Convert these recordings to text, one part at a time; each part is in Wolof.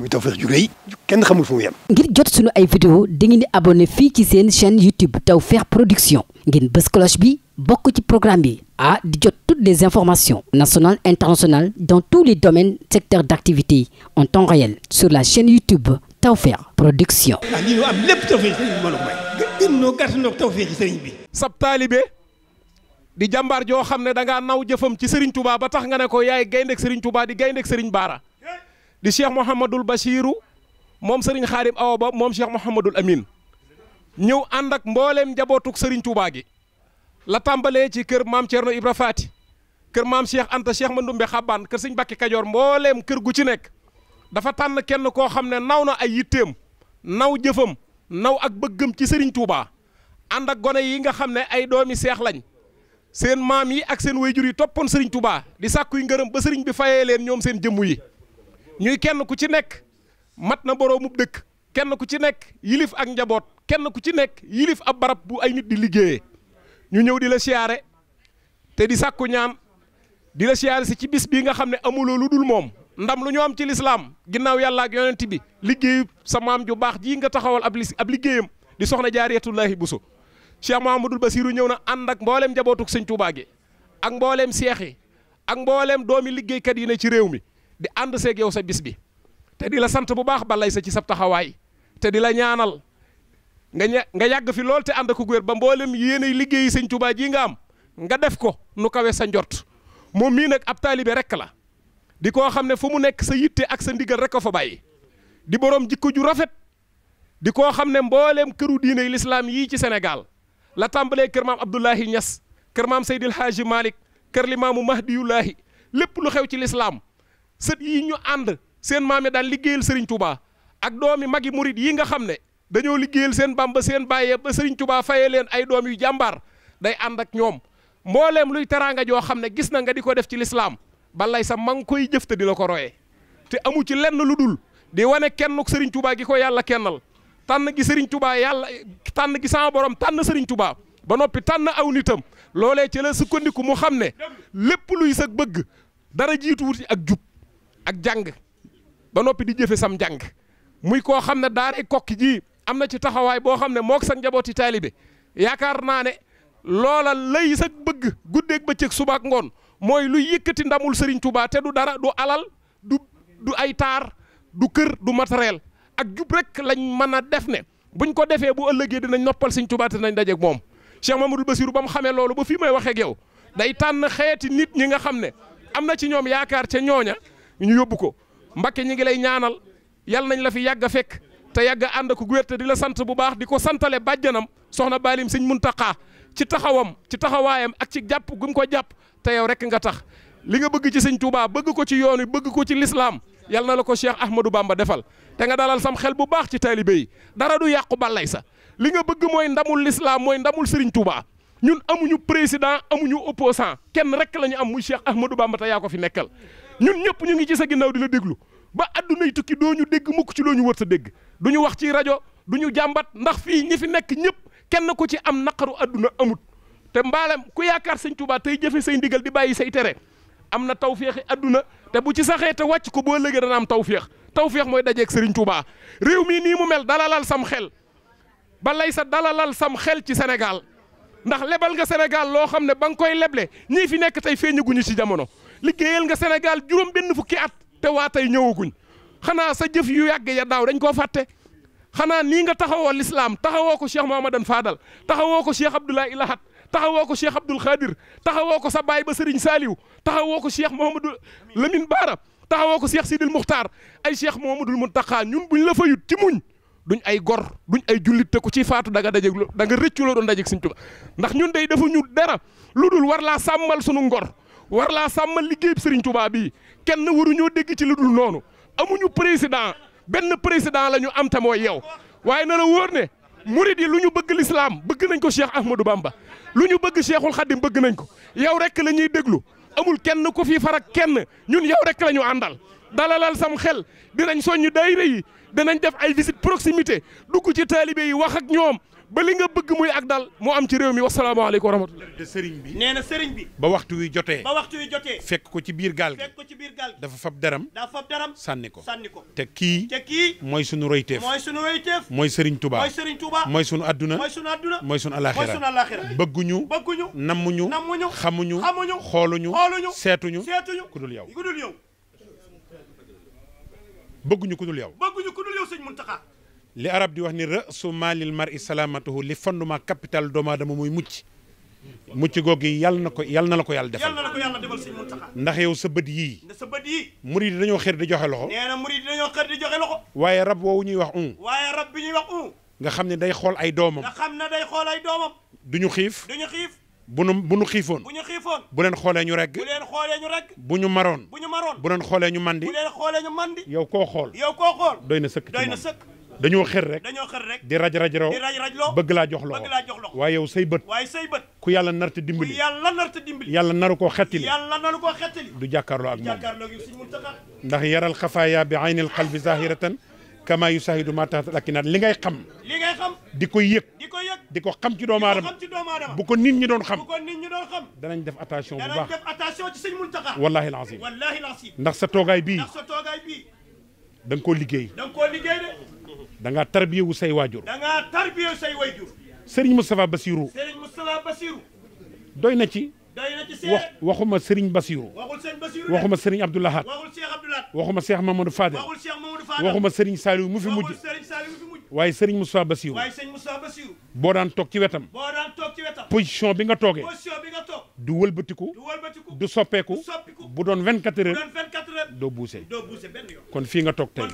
muy kenn xamul fu ngir jot sunu ay vidéo dangeen di abonné fii ci seen chaîne YouTube Tawfekh Production ngeen bës cloche bi bokk ci programme bi ah di jot toutes des informations national internationales dans tous les domaines secteurs d'activité en temps réel sur la chaîne YouTube Tawfekh Production. ah lii ñu am lépp Tawfekh sëriñ bi may. sëriñ bi. sab taalibe di jàmbaar joo xam ne da ngaa naw jëfam ci Serigne Touba ba tax nga ne ko yaay gaynde ak Serigne Touba di gaynde ak Baara. di cheikh Mouhamadul Bachiru moom sëriñ Xaadim Awa Ba moom cheikh Mouhamadul amiin ñëw ànd ak mbooleem njabootug sëriñ Touba gi la tàmbalee ci kër maam Thierno Ibra Faati kër maam Cheikh Anta Cheikh Mandoumbe Xabaan kër Sëñ Bakki Kajoor mbooleem kër gu ci nekk dafa tànn kenn koo xam ne naw na ay yitteem naw jëfam naw ak bëggëm ci Serigne Touba ànd ak gone yi nga xam ne ay doomi seex lañ seen maam yi ak seen wayjur yi toppoon Serigne Touba di sàkkuy ngërëm ba Serigne bi fayee leen ñoom seen jëmm yi. ñuy kenn ku ci nekk mat na boroomub dëkk kenn ku ci nekk yilif ak njaboot kenn ku ci nekk yilif ab barab bu ay nit di liggéeye ñu ñëw di la siyaare te di sàkku ñaan di la siyaare si ci bis bii nga xam ne amuloo lu dul moom ndam lu ñu am ci lislaam ginnaaw yàlla ak yonent bi liggéeyu sa maam ju baax jii nga taxawal ab ab liggéeyam di soxna bu jaariyatullaahi buso cheikh mahamadul basiru ñëw na ànd ak mbooleem njabootuk sëñ Tuubaa ak mbooleem seex yi ak mbooleem doomi liggéeykat yi ne ci réew mi di ànd seeg yow sa bis bi te di la sant bu baax balay sa ci sab taxawaay te di la ñaanal nga ña nga yàgg fi lool te ànd ko wér ba mboolem yéenay liggéeyi sëñ Tuubaa ji nga am nga def ko nu kawe sa njort moom mii nag ab taalibe rek la di koo xam ne fu mu nekk sa yitte ak sa ndigal rek ko fa bàyyi di borom jikko ju rafet di koo xam ne mbooleem këru diine lislaam yii ci Sénégal la tàmbalee kër maam Abdoulahi Niass kër maam Seydil Haaji Malick kër limaamu Mahdiyullaahi lépp lu xew ci lislaam sët yi ñu ànd seen maam yi daan liggéeyal Serigne Touba ak doomi magi murit yi nga xam ne dañoo liggéeyal seen bamba seen bàyyee ba Serigne Touba fayee leen ay doom yu jàmbaar day ànd ak ñoom mbooleem luy teraanga joo xam ne gis na nga di ko def ci lislaam balay sa ma ngi koy jëfte te di la ko royee te amu ci lenn lu dul di wane kenn Serigne Touba gi ko yàlla kennal tànn gi Serigne Touba yàlla tànn gi sama borom tànn Serigne Touba ba noppi tànn aw nitam loolee ci sukkandiku mu xam ne luy sa bëgg dara jiituwut ak jub. ak jàng ba noppi di jëfe sam jàng muy koo xam ne daaray kokki ji am na ci taxawaay boo xam ne mook sa njabooti taalibe yaakaar naa ne loola lay sa bëgg guddeeg bëccëg suba ak ngoon mooy lu yëkkati ndamul sëriñ Touba te du dara du alal du du ay taar du kër du matériel ak jub rek lañ mën a def ne buñ ko defee bu ëllëgee dinañ noppal Serigne Touba te nañ daje moom Cheikh Mamadou Bassirou ba mu xamee loolu ba fii may waxeeg yow day tànn xeeti nit ñi nga xam ne am na ci ñoom yaakaar ca ñooña ñu yóbbu ko Mbakke ñi ngi lay ñaanal yal nañ la fi yàgg a fekk te yàgg ànd ko gerte di la sant bu baax di ko santale bàjjanam soxna Baalim Sëñ Muntaxa ci taxawam ci taxawaayam ak ci jàpp gu ko jàpp te yow rek nga tax li nga bëgg ci sëñ Touba bëgg ko ci yoon wi bëgg ko ci lislaam yal na la ko Cheikh Ahmadou Bamba defal te nga dalal sam xel bu baax ci taalibe yi dara du yàqu ballay sax li nga bëgg mooy ndamul lislaam mooy ndamul Serigne Touba ñun amuñu président amuñu opposant kenn rek la ñu am muy Cheikh Ahmadou Bamba te yaa ko fi nekkal ñun ñëpp ñu ngi ci sa ginnaaw di la déglu ba addunay tukki doo ñu dégg mukk ci loo ñu wër sa dégg du ñu wax ci rajo du ñu jàmbat ndax fii ñi fi nekk ñëpp kenn ku ci am naqaru adduna amut te mbaalam ku yaakaar sëñ Tuubaa tey jëfe say ndigal di bàyyi say tere am na tawféexi adduna te bu ci saxee te wàcc ko boo léegi dana am tawféex tawféex mooy dajeeg Serigne Touba réew mii nii mu mel dalalal sam xel ba lay sa dalalal sam xel ci Sénégal ndax lebal nga Sénégal loo xam ne ba nga koy leble ñii fi nekk tey feeñaguñu ci jamono. liggéeyal nga Sénégal juróom benn fukki at te waa tey ñëwaguñ xanaa sa jëf yu yàgg ya daaw dañ koo fàtte xanaa nii nga taxawoo lislaam taxawoo ko Cheikh Mahamadan faadal taxawoo ko Cheikh Abdoulaye Ilahat taxawoo ko Cheikh Abdoul Khadir taxawoo ko sa baay ba Serigne Saliou taxawoo ko Cheikh Mouhamadou Lamine Bara taxawoo ko Cheikh Sidil Muxtaar ay Cheikh Mouhamadoul Mountakha ñun buñ la fayut ti muñ duñ ay gor duñ ay jullit te ku ci faatu da nga dajeeg da nga rëccu loo doon dajeeg Serigne Touba ndax ñun day defuñu dara lu dul war laa sàmmal sunu ngor war laa sàmmal liggéey Serigne Touba bii kenn ñoo dégg ci lu dul noonu amuñu président benn président la ñu am te mooy yow waaye na la wóor ne murid yi lu ñu bëgg lislaam bëgg nañ ko Cheikh Ahmadou Bamba lu ñu bëgg Cheikhul Khadim bëgg nañ ko yow rek la ñuy déglu amul kenn ku fii farak kenn ñun yow rek la ñu àndal dalalal sam xel di dinañ soññ daayira yi danañ def ay visite proximité dugg ci taalibe yi wax ak ñoom ba li nga bëgg muy ak dal moo am ci réew mi wasalaamaaleykum wa rahmatulah. de bi nee na sëriñ ba waxtu wi jotee. ba waxtu wi jotee. ko ci biir gaal gi. ko ci biir gaal dafa fab daram. dafa fab sànni ko. sànni ko te kii. te mooy suñu royteef. mooy sunu royteef. mooy sëriñ Touba. mooy sëriñ Touba. mooy sunu adduna. mooy sunu adduna. mooy sunu alaxira. mooy sunu alaxira. bëgguñu. bëgguñu nammuñu. nammuñu xamuñu. xamuñu xooluñu. xooluñu seetuñu. seetuñu ku dul ku dul yow. bëgguñu ku dul yow. bëgguñu ku dul yow sëñ Muntaxa li arab di wax ni ra'su maalil mar'i salaamatuhu li fondement capital doomu aadama muy mucc mucc googu yàlla na ko yàlla na la ko yàlla defal ndax yow sa bët yii sa bët yii murid dañoo xër di joxe loxo nee na dañoo xër di joxe loxo waaye rab woowu ñuy wax un waaye rab bi ñuy wax un nga xam ne day xool ay doomam nga xam ne day duñu xiif xiif bu nu bu nu xiifoon bu ñu xiifoon bu leen xoolee ñu rek bu ñu maroon bu maroon bu leen xoolee ñu mandi bu leen xoolee ñu xool yow koo xool doy na sëkk doy na sëkk dañoo xër rek dañoo xër rek di raj raj loo bëgg laa jox loxo bëgg waaye yow say bët waaye say bët ku yàlla narta dimbali ku yàlla narta yàlla naru koo xettali yàlla naru koo du jàkkaarloo ak moom jàkkaarloo ndax yaral xafaaya bi aynil qalbi zahiratan kama yusahidu ma taxat lakinaat li ngay xam li ngay xam di ko yëg di ko yëg di ko xam ci doom aadama bu ko nit ñi doon xam bu ko nit ñi doon xam danañ def attention bu baax danañ def ndax sa toogaay bii ndax sa koo liggéey da koo liggéey de danga ngaa tarbiyewu say waajur. da ngaa tarbiyewu say doy na ci. doy na ci seet wax waxuma Serigne Bassirou. waxul Serigne Bassirou waxuma Serigne Abdou Lahad. waxul Cheikh Abdou Lahad. waxuma Cheikh Mamadou fi mujj. waaye Serigne Moustapha Bassirou. boo daan toog ci wetam. boo position bi nga tooge position bi nga du wëlbatiku. du soppeeku. du bu doon 24 heures. bu doon doo buuse. fii nga toog kon fii nga toog tey.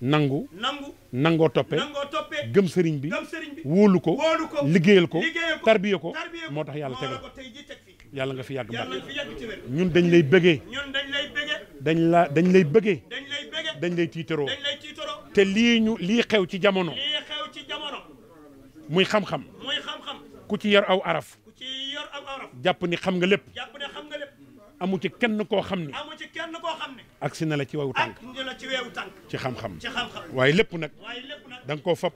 nangu nangu nangoo toppe gëm sëriñ bi wóolu ko liggéeyal ko tarbiye ko moo tax yàlla tegal yàlla nga fi yàgg mbàkke ñun dañ lay bëggee dañ la dañ lay bëggee dañ lay tiitaroo te lii ñu lii xew ci jamono muy xam-xam ku ci yor aw araf jàpp ni xam nga lépp amu ci kenn koo xam ne agsi na la ci wewu tànk ci xam-xam waaye lépp nag dang koo fab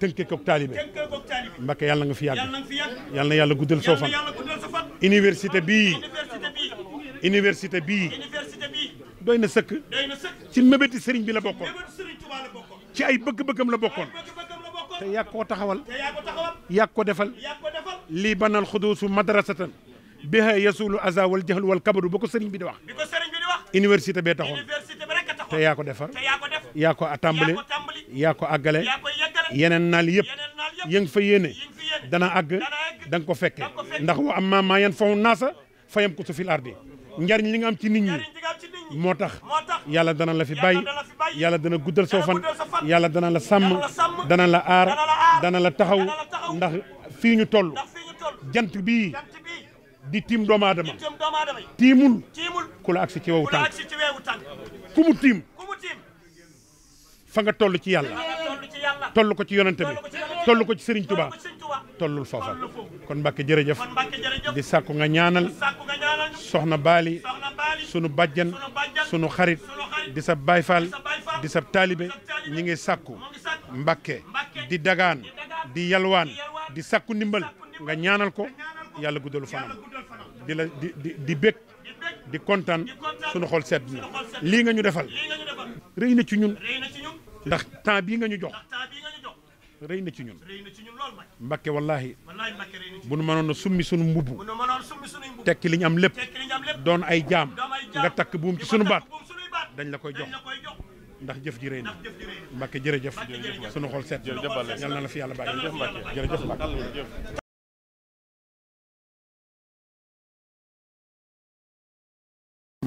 tënkee koog taalibe Mbacke yàlla nga fi yàgg yàlla yàlla guddal soo fan université bii université bii doy na sëkk ci mébéti sëriñ bi la bokkoon ci ay bëgg-bëggam la bokkoon te yàgg koo taxawal yàgg ko defal lii banal xuduusu madrasatan biha yasulu aza wal jahl wal kabadu ba ko sëriñ bi di wax université bee taxoon te yaa ko defar yaa ko tàmbali yaa ko àggale yeneen naal yëpp yëng fa yéene dana àgg da ko fekke ndax wa am maa maa yan fawu naasa fayam ko su fil ardi njariñ li nga am ci nit ñi moo tax yàlla dana la fi bàyyi yàlla dana guddal soo fan yàlla dana la sàmm dana la aar dana la taxaw ndax fii ñu toll jant bii di tiim doomu aadama tiimul ku la agsi ci wewu ku mu tiim nga toll ci yàlla tollu ko ci yonente bi toll ko ci sëriñ Touba tollul foofa kon Mbacke jërëjëf di sàkku nga ñaanal soxna Baali sunu bàjjan sunu xarit di sa Baay Faal di sa taalibe ñu ngi sàkku mbakke di dagaan di yalwaan di sakku ndimbal nga ñaanal ko yàlla guddalu fanam di la di di di di kontaan sunu xol sedd na lii nga ñu defal rëy na ci ñun ndax temps bii nga ñu jox rëy na ci ñun mbakke wallaahi bu nu mënoon a summi sunu mbubb tekki li ñu am lépp doon ay jaam nga takk buum ci sunu baat dañ la koy jox ndax jëf ji rëy na mbakke jërëjëf sunu xol seet yal na la fi yàlla bàyyi jërëjëf mbakke jërëjëf mbakke